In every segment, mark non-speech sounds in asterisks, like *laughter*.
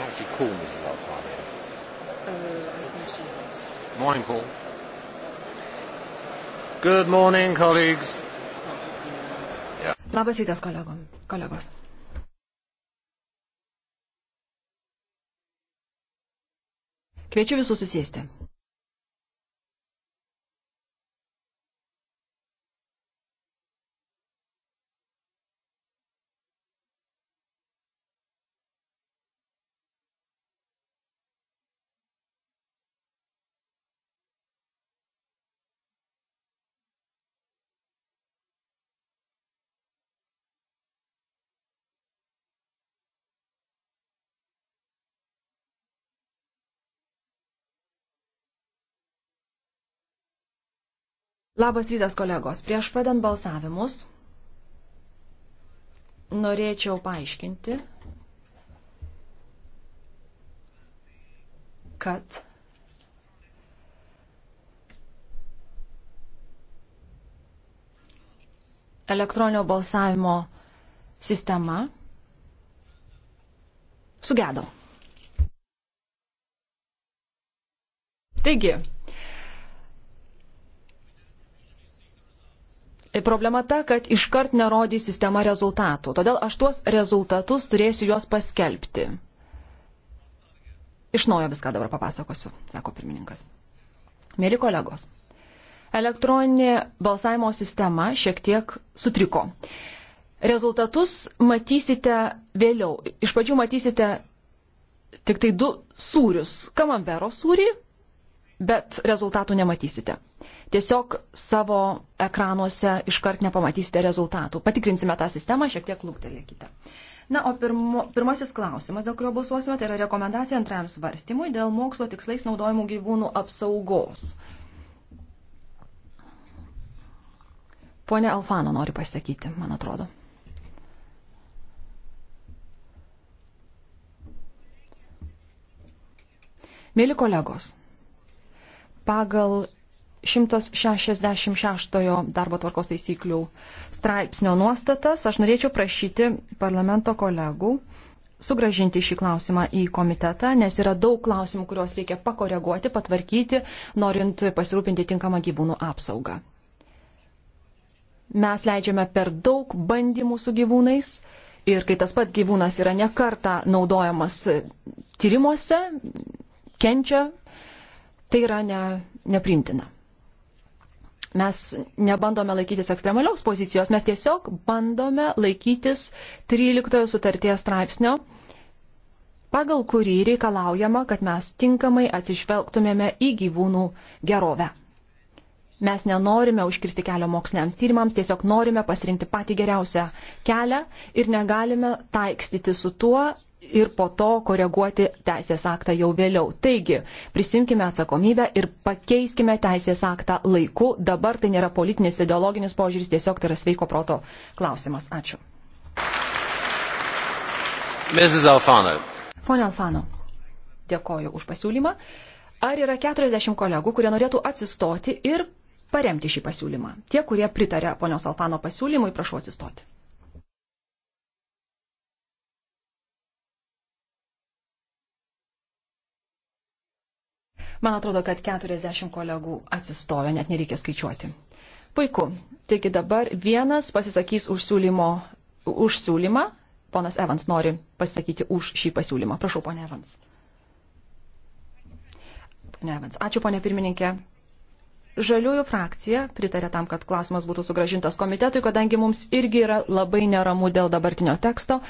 will actually call Mrs. Alfano. Uh, I think she has. Morning, Paul. Good morning, colleagues. Yeah. Labas rytas, kolegom, kolegos. Kviečiu visus susėsti. Labas rytas, kolegos. Prieš pradant balsavimus norėčiau paaiškinti, kad elektroninio balsavimo sistema sugedo. Taigi, Problema ta, kad iškart nerodys sistema rezultatų. Todėl aš tuos rezultatus turėsiu juos paskelbti. Iš naujo viską dabar papasakosiu, sako pirmininkas. Mėly kolegos, elektroninė balsavimo sistema šiek tiek sutriko. Rezultatus matysite vėliau. Iš pradžių matysite tik tai du sūrius. Kamambero sūrį, bet rezultatų nematysite tiesiog savo ekranuose iškart nepamatysite rezultatų. Patikrinsime tą sistemą, šiek tiek lūktelėkite. Na, o pirmo, pirmasis klausimas, dėl kurio balsuosime, tai yra rekomendacija antrajam svarstymui dėl mokslo tikslais naudojimų gyvūnų apsaugos. Pone Alfano nori pasakyti, man atrodo. Mėly kolegos, pagal 166 darbo tvarkos taisyklių straipsnio nuostatas, aš norėčiau prašyti parlamento kolegų sugražinti šį klausimą į komitetą, nes yra daug klausimų, kuriuos reikia pakoreguoti, patvarkyti, norint pasirūpinti tinkamą gyvūnų apsaugą. Mes leidžiame per daug bandymų su gyvūnais ir kai tas pats gyvūnas yra nekarta naudojamas tyrimuose, kenčia, tai yra ne, neprimtina mes nebandome laikytis ekstremalios pozicijos, mes tiesiog bandome laikytis 13 sutarties straipsnio, pagal kurį reikalaujama, kad mes tinkamai atsižvelgtumėme į gyvūnų gerovę. Mes nenorime užkirsti kelio moksliniams tyrimams, tiesiog norime pasirinkti patį geriausią kelią ir negalime taikstyti su tuo, ir po to koreguoti teisės aktą jau vėliau. Taigi, prisimkime atsakomybę ir pakeiskime teisės aktą laiku. Dabar tai nėra politinis ideologinis požiūris, tiesiog tai yra sveiko proto klausimas. Ačiū. Mrs. Alfano. Pone Alfano, dėkoju už pasiūlymą. Ar yra 40 kolegų, kurie norėtų atsistoti ir paremti šį pasiūlymą? Tie, kurie pritarė ponios Alfano pasiūlymui, prašau atsistoti. Man atrodo, kad 40 kolegų atsistojo, net nereikia skaičiuoti. Puiku. Taigi dabar vienas pasisakys už, siūlymo, už siūlymą. Ponas Evans nori pasisakyti už šį pasiūlymą. Prašau, ponė Evans. Ponė Evans. Ačiū, ponė pirmininkė. Žaliųjų frakcija pritarė tam, kad klausimas būtų sugražintas komitetui, kadangi mums irgi yra labai neramu dėl dabartinio teksto.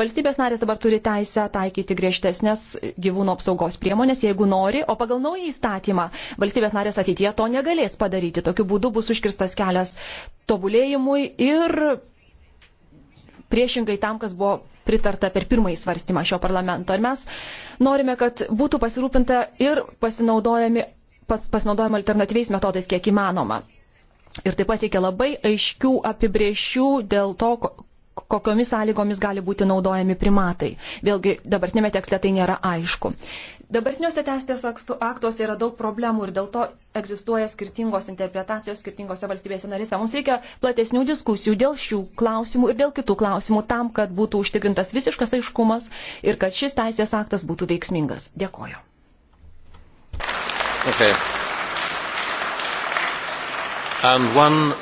Valstybės narės dabar turi teisę taikyti griežtesnės gyvūnų apsaugos priemonės, jeigu nori, o pagal naują įstatymą valstybės narės ateitie to negalės padaryti. Tokiu būdu bus užkirstas kelias tobulėjimui ir priešingai tam, kas buvo pritarta per pirmąjį svarstymą šio parlamento. Ir mes norime, kad būtų pasirūpinta ir pasinaudojami pas, pasinaudojama alternatyviais metodais kiek įmanoma. Ir taip pat reikia labai aiškių apibriešių dėl to, kokiomis sąlygomis gali būti naudojami primatai. Vėlgi, dabartinėme tekste tai nėra aišku. Dabartiniuose teisės aktuose yra daug problemų ir dėl to egzistuoja skirtingos interpretacijos skirtingose valstybėse narėse. Mums reikia platesnių diskusijų dėl šių klausimų ir dėl kitų klausimų tam, kad būtų užtikrintas visiškas aiškumas ir kad šis teisės aktas būtų veiksmingas. Dėkoju. Okay.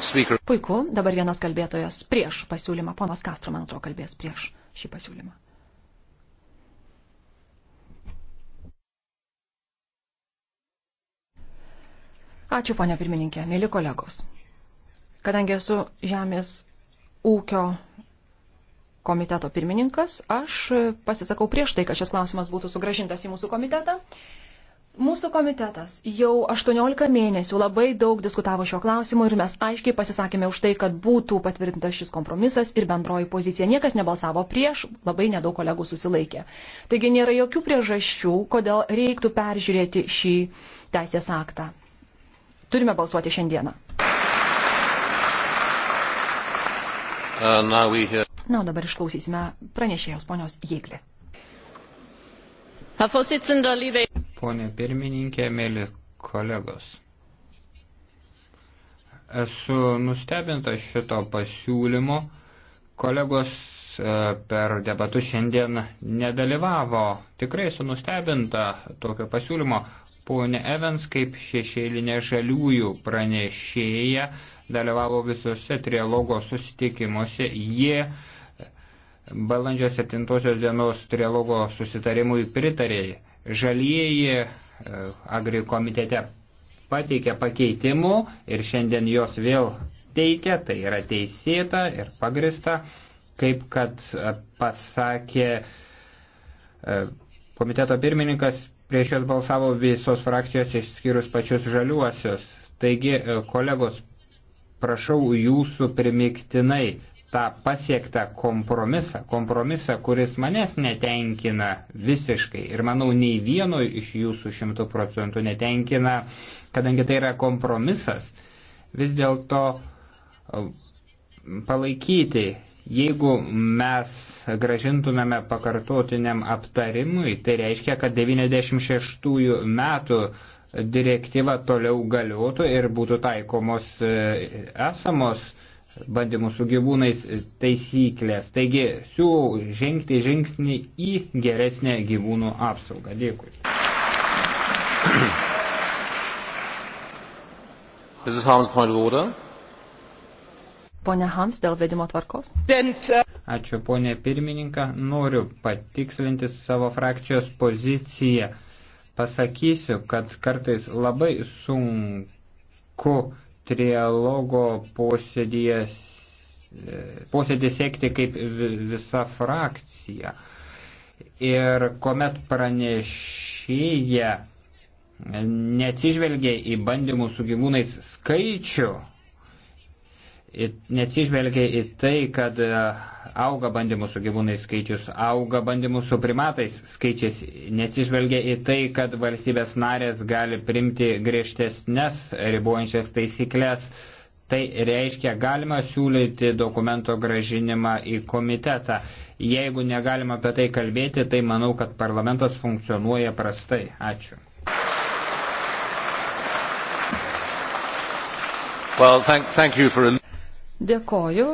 Speaker... Puiku, dabar vienas kalbėtojas prieš pasiūlymą. Ponas Kastro, man atrodo, kalbės prieš šį pasiūlymą. Ačiū, ponia pirmininkė, mėly kolegos. Kadangi esu Žemės ūkio komiteto pirmininkas, aš pasisakau prieš tai, kad šis klausimas būtų sugražintas į mūsų komitetą, Mūsų komitetas jau 18 mėnesių labai daug diskutavo šio klausimu ir mes aiškiai pasisakėme už tai, kad būtų patvirtintas šis kompromisas ir bendroji pozicija. Niekas nebalsavo prieš, labai nedaug kolegų susilaikė. Taigi nėra jokių priežasčių, kodėl reiktų peržiūrėti šį teisės aktą. Turime balsuoti šiandieną. Uh, hear... Na, dabar išklausysime pranešėjos ponios Jėglį. Herr Vorsitzender, liebe ponė pirmininkė, mėly kolegos. Esu nustebintas šito pasiūlymo. Kolegos e, per debatus šiandien nedalyvavo. Tikrai esu nustebinta tokio pasiūlymo. Pone Evans, kaip šešėlinė žaliųjų pranešėja, dalyvavo visose trialogo susitikimuose. Jie balandžio 7 dienos trialogo susitarimui pritarėjai Žalieji e, agri komitete pateikė pakeitimų ir šiandien jos vėl teikia, tai yra teisėta ir pagrista, kaip kad e, pasakė e, komiteto pirmininkas, prieš jos balsavo visos frakcijos išskyrus pačius žaliuosius. Taigi, kolegos, prašau jūsų primiktinai tą pasiektą kompromisą, kompromisą, kuris manęs netenkina visiškai ir manau nei vieno iš jūsų šimtų procentų netenkina, kadangi tai yra kompromisas, vis dėlto uh, palaikyti, jeigu mes gražintumėme pakartotiniam aptarimui, tai reiškia, kad 96 metų direktyva toliau galiotų ir būtų taikomos e, esamos bandymų su gyvūnais taisyklės. Taigi siūlau žengti žingsnį į geresnę gyvūnų apsaugą. Dėkui. Pone Hans, dėl vedimo tvarkos. Ačiū, ponė pirmininką. Noriu patikslinti savo frakcijos poziciją. Pasakysiu, kad kartais labai sunku trialogo posėdėje, posėdė sėkti kaip visa frakcija. Ir kuomet pranešėja neatsižvelgia į bandymų su gyvūnais skaičių, neatsižvelgia į tai, kad auga bandymų su gyvūnais skaičius, auga bandymų su primatais skaičius, nesižvelgia į tai, kad valstybės narės gali primti griežtesnės ribojančias taisyklės. Tai reiškia, galima siūlyti dokumento gražinimą į komitetą. Jeigu negalima apie tai kalbėti, tai manau, kad parlamentas funkcionuoja prastai. Ačiū. Well, thank, thank you for Dėkoju,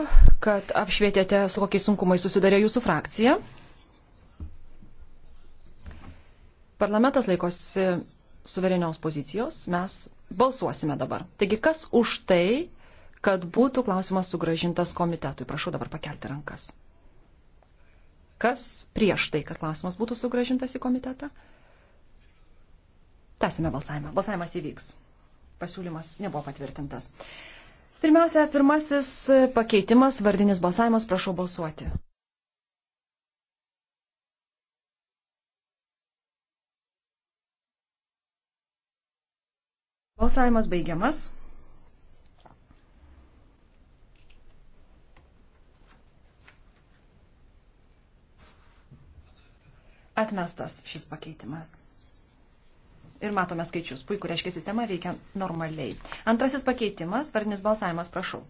kad apšvietėte, su kokiais sunkumai susidarė jūsų frakcija. Parlamentas laikosi suverenios pozicijos, mes balsuosime dabar. Taigi, kas už tai, kad būtų klausimas sugražintas komitetui? Prašau dabar pakelti rankas. Kas prieš tai, kad klausimas būtų sugražintas į komitetą? Tęsime balsavimą. Balsavimas įvyks. Pasiūlymas nebuvo patvirtintas. Pirmiausia, pirmasis pakeitimas, vardinis balsavimas, prašau balsuoti. Balsavimas baigiamas. Atmestas šis pakeitimas ir matome skaičius. Puiku, reiškia, sistema veikia normaliai. Antrasis pakeitimas, vardinis balsavimas, prašau.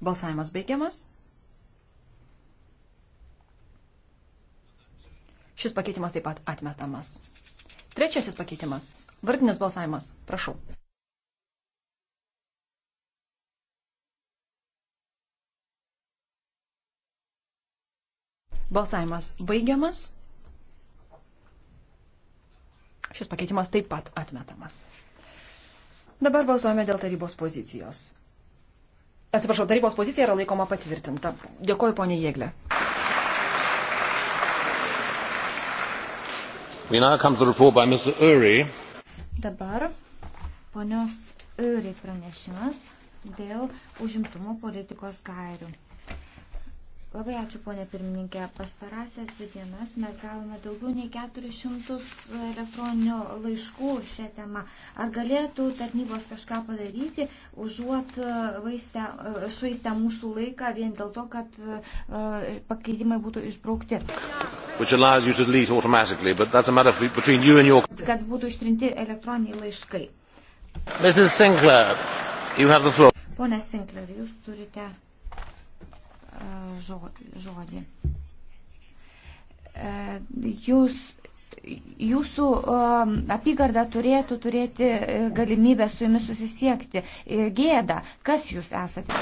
Balsavimas baigiamas. Šis pakeitimas taip pat atmetamas. Trečiasis pakeitimas. Vardinis balsavimas. Prašau. Balsavimas baigiamas. Šis pakeitimas taip pat atmetamas. Dabar balsuojame dėl tarybos pozicijos. Atsiprašau, tarybos pozicija yra laikoma patvirtinta. Dėkoju, ponė Jėglė. Dabar ponios Öri pranešimas dėl užimtumo politikos gairių. Labai ačiū, ponė pirmininkė. Pastarąsias dienas mes gavome daugiau nei 400 elektroninių laiškų šią temą. Ar galėtų tarnybos kažką padaryti, užuot e, vaistę, e, švaistę mūsų laiką vien dėl to, kad e, pakeitimai būtų išbraukti? Your... Kad būtų ištrinti elektroniniai laiškai. Sinclair, Pone Sinclair, jūs turite žodį. E, jūs, jūsų e, apygarda turėtų turėti e, galimybę su jumis susisiekti. Gėda, kas jūs esate?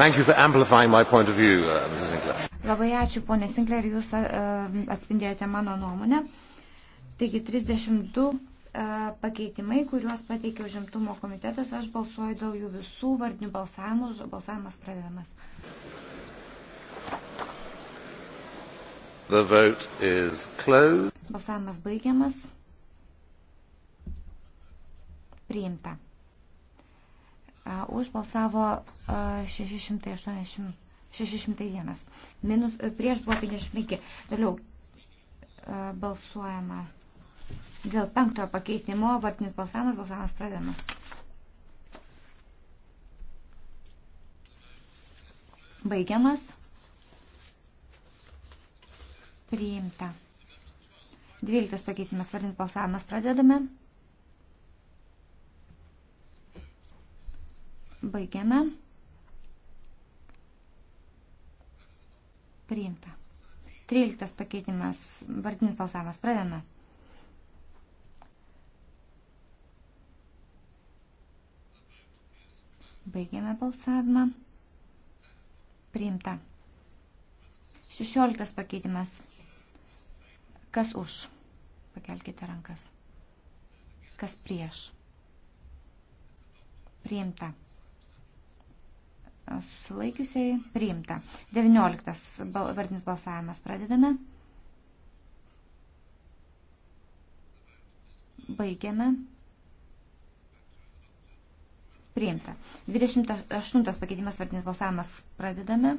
Thank you for amplifying my point of view, uh, Mrs. Sinclair. Labai ačiū, ponė Sinclair, jūs uh, atspindėjote mano nuomonę. Taigi 32 E, pakeitimai, kuriuos pateikė užimtumo komitetas. Aš balsuoju dėl jų visų vardinių balsavimų. Balsavimas pradedamas. The vote is closed. Balsavimas baigiamas. Priimta. E, už balsavo 680, e, 601. Minus, prieš buvo 55. Toliau balsuojama Dėl penktojo pakeitimo vartinis balsavimas, balsavimas pradedamas. Baigiamas. Priimta. Dvyliktas pakeitimas, vartinis balsavimas pradedame. Baigiame. Priimta. Tryliktas pakeitimas, vartinis balsavimas pradedame. Baigėme balsavimą. Priimta. 16 pakeitimas. Kas už? Pakelkite rankas. Kas prieš? Priimta. Susilaikiusiai priimta. 19 vardinis balsavimas. Pradedame. Baigiame priimta. 28 pakeitimas vardinis balsavimas pradedame.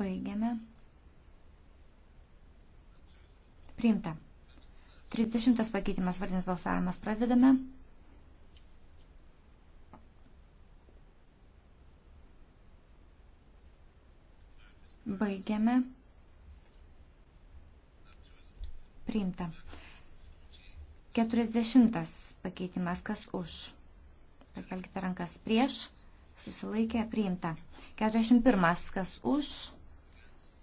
Baigiame. Priimta. 30 pakeitimas vardinis balsavimas pradedame. Baigiame. Priimta. 40 pakeitimas, kas už. Pakelkite rankas prieš, susilaikę, priimta. 41, kas už,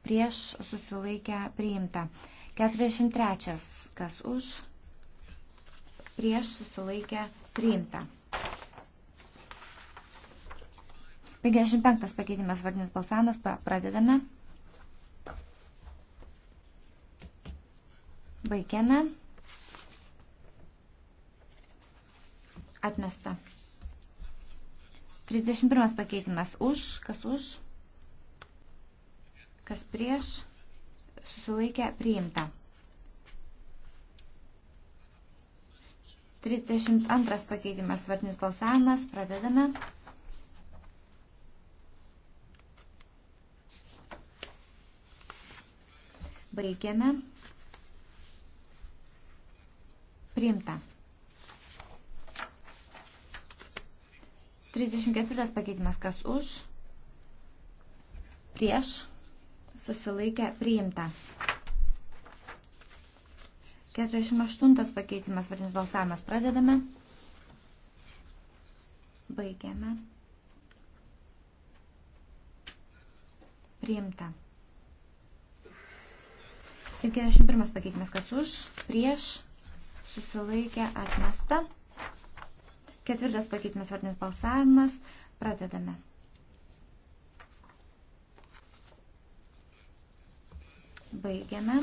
prieš, susilaikę, priimta. 43, kas už, prieš, susilaikę, priimta. 55 pakeitimas vardinis balsavimas, pradedame. Baigiame. Atmesta. 31 pakeitimas. Už, kas už, kas prieš, susilaikė priimta. 32 pakeitimas. Vartinis balsavimas. Pradedame. Baigiame. Priimta. 34 pakeitimas kas už, prieš, susilaikę, priimta. 48 pakeitimas, vardinis balsavimas, pradedame, baigiame, priimta. 51 pakeitimas kas už, prieš, susilaikę, atmesta. Ketvirtas pakeitimas vardinis balsavimas. Pradedame. Baigiame.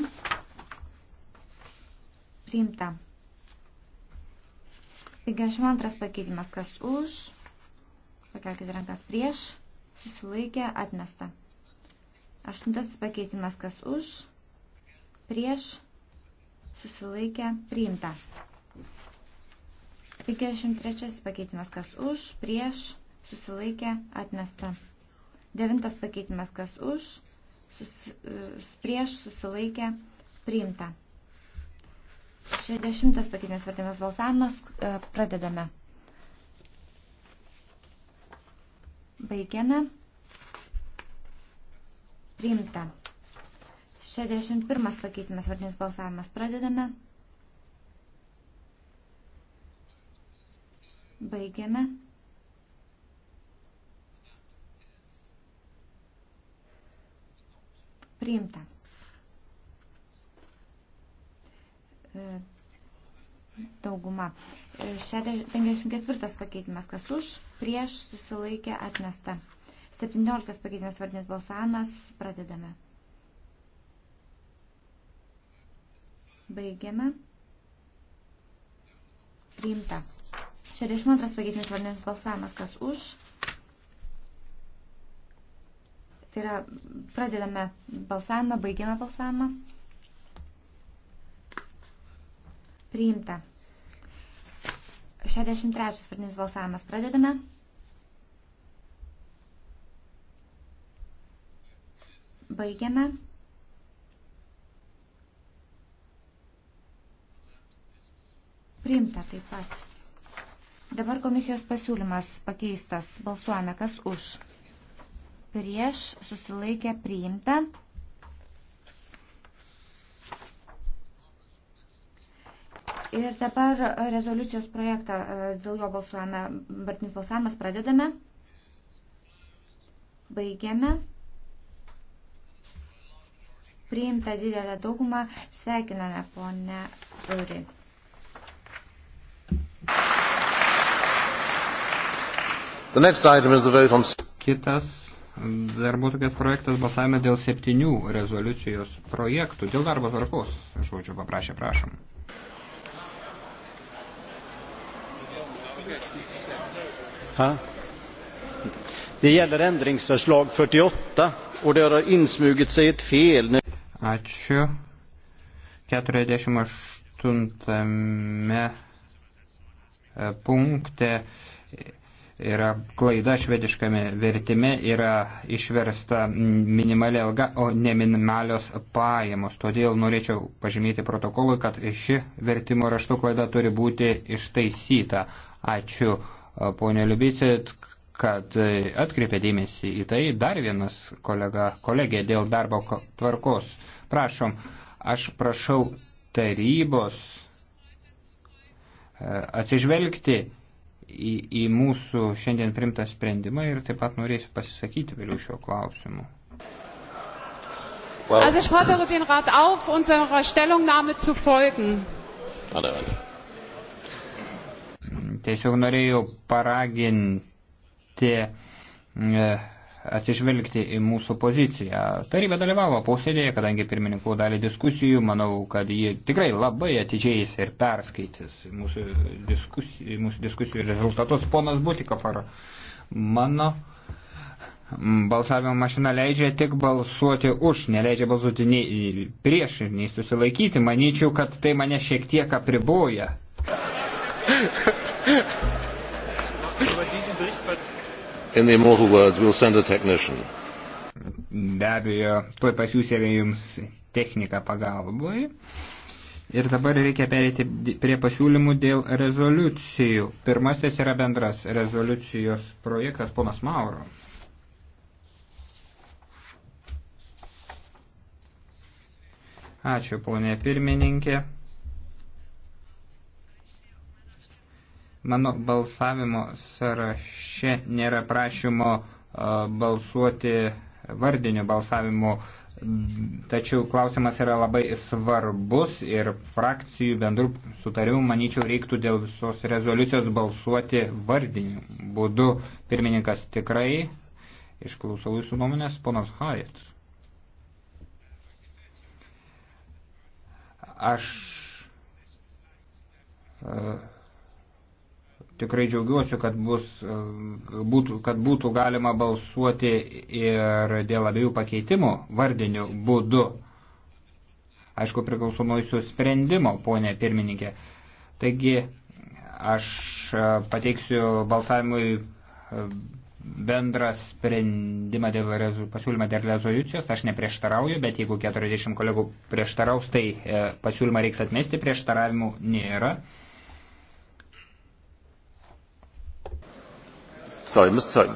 Priimta. 52 pakeitimas, kas už, pakelkite rankas prieš, susilaikė, atmesta. 8 pakeitimas, kas už, prieš, susilaikė, priimta. 53 pakeitimas kas už, prieš, susilaikė, atmesta. 9 pakeitimas kas už, susi, prieš, susilaikė, priimta. 60 pakeitimas vardinas balsavimas, e, pradedame. Baigiame. Priimta. 61 pakeitimas vardinis balsavimas, pradedame. Baigiame. Priimta. E, dauguma. 54 e, pakeitimas, kas už, prieš susilaikė atmesta. 17 pakeitimas vardinės balsavimas, pradedame. Baigiame. Priimta. 62 pagėtinis vardinis balsavimas, kas už. Tai yra, pradedame balsavimą, baigiame balsavimą. Priimta. 63 vardinis balsavimas, pradedame. Baigiame. Priimta taip pat. Dabar komisijos pasiūlymas pakeistas. Balsuojame, kas už. Prieš susilaikė priimta. Ir dabar rezoliucijos projektą, e, dėl jo balsuojame, bartinis balsavimas pradedame. Baigiame. Priimta didelę daugumą. Sveikiname ponę Uri. On... Kitas darbo tokias projektas balsavime dėl septynių rezoliucijos projektų. Dėl darbo tvarkos, žodžiu, paprašė, prašom. Ha? Det gäller ändringsförslag 48 och det har insmugit sig ett fel. Nu. Ačiū. 48 punkte yra klaida švediškame vertime, yra išversta minimali alga, o ne minimalios pajamos. Todėl norėčiau pažymėti protokolui, kad ši vertimo raštų klaida turi būti ištaisyta. Ačiū, ponė Liubicit, kad e, atkreipė dėmesį į tai. Dar vienas kolega, kolegė dėl darbo tvarkos. Prašom, aš prašau tarybos e, atsižvelgti į, į mūsų šiandien primtą sprendimą ir taip pat norėsiu pasisakyti vėliau šio klausimu. Wow. Also ich fordere den Rat auf, unserer Stellungnahme zu folgen. Tiesiog norėjau paraginti e, atsižvelgti į mūsų poziciją. Tarybė dalyvavo posėdėje, kadangi pirmininkų dalį diskusijų, manau, kad ji tikrai labai atidžiais ir perskaitys mūsų diskusijų, mūsų diskusijų rezultatus. Ponas Butikafar, mano balsavimo mašina leidžia tik balsuoti už, neleidžia balsuoti nei prieš ir nei susilaikyti. Manyčiau, kad tai mane šiek tiek apriboja. *laughs* in the immortal words, we'll send a technician. Be abejo, tuoj pasiūsime jums techniką pagalbai. Ir dabar reikia perėti prie pasiūlymų dėl rezoliucijų. Pirmasis yra bendras rezoliucijos projektas ponas Mauro. Ačiū, ponė pirmininkė. Mano balsavimo sąraše nėra prašymo balsuoti vardiniu balsavimu, tačiau klausimas yra labai svarbus ir frakcijų bendrų sutarimų, manyčiau, reiktų dėl visos rezoliucijos balsuoti vardiniu būdu. Pirmininkas tikrai, išklausau jūsų nuomonės, ponas Hajet. Aš. Uh, tikrai džiaugiuosi, kad, bus, būtų, kad būtų galima balsuoti ir dėl abiejų pakeitimų vardiniu būdu. Aišku, priklausomuosiu sprendimo, ponė pirmininkė. Taigi, aš pateiksiu balsavimui bendrą sprendimą dėl rezu, pasiūlymą dėl rezoliucijos. Aš neprieštarauju, bet jeigu 40 kolegų prieštaraus, tai e, pasiūlymą reiks atmesti, prieštaravimų nėra. Sorry, Mr.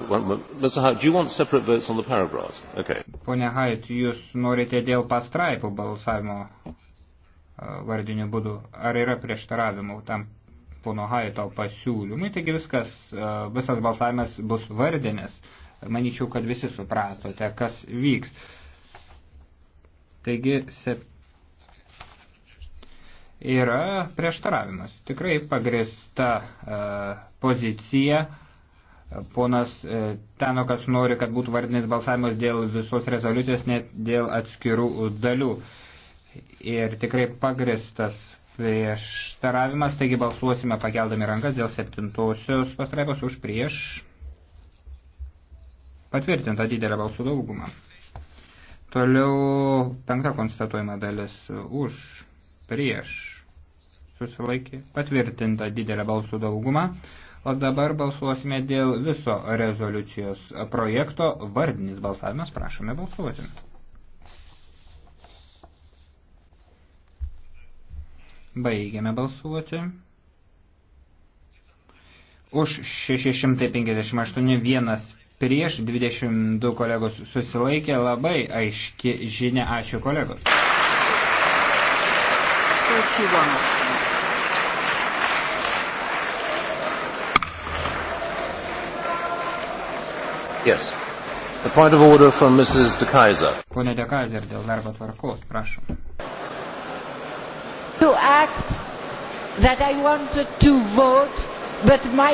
Mr. Hyatt, do you want separate votes on the paragraphs? Okay. Pone Hyatt, jūs norite dėl pastraipų balsavimo uh, vardiniu būdu. Ar yra prieštaravimų tam pono Hayato pasiūlymui? Taigi viskas, uh, visas balsavimas bus vardinis. Manyčiau, kad visi supratote, kas vyks. Taigi, sep... yra prieštaravimas. Tikrai pagrista uh, pozicija. Uh, Ponas e, Tenokas nori, kad būtų vardinis balsavimas dėl visos rezoliucijos, net dėl atskirų dalių. Ir tikrai pagristas prieštaravimas, taigi balsuosime pakeldami rankas dėl septintosios pastraipos už prieš patvirtinta didelė balsų dauguma. Toliau penkta konstatuojama dalis už prieš susilaikė patvirtinta didelė balsų dauguma. O dabar balsuosime dėl viso rezoliucijos projekto. Vardinis balsavimas, prašome balsuoti. Baigiame balsuoti. Už 658 vienas prieš 22 kolegos susilaikė labai aiški žinia. Ačiū kolegos. 31. Yes. The point of order from Mrs. De Kaiser. Pone De Kaiser, dėl darbo tvarkos, prašom. To act that I wanted to vote, but my...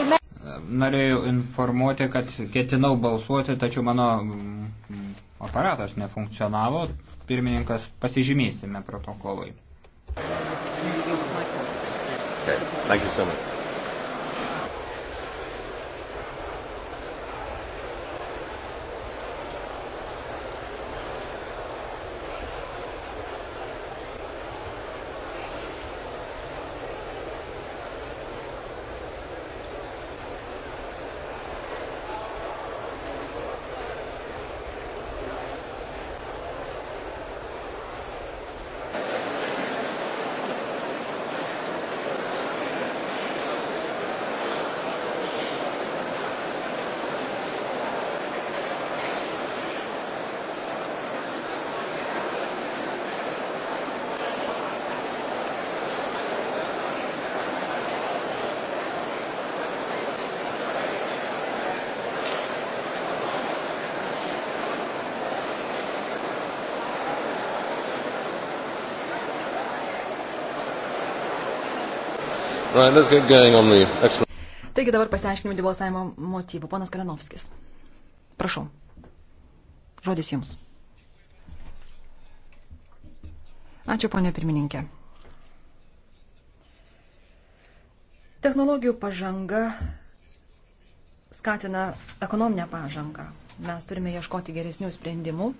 Norėjau informuoti, kad ketinau balsuoti, tačiau mano mm, aparatas nefunkcionavo. Pirmininkas pasižymėsime protokolui. Okay. Thank you so much. Right, let's get going on the explanation. Taigi dabar pasiaiškinimų dėl balsavimo motyvų. Ponas Kalinovskis. Prašau. Žodis jums. Ačiū, ponė pirmininkė. Technologijų pažanga skatina ekonominę pažangą. Mes turime ieškoti geresnių sprendimų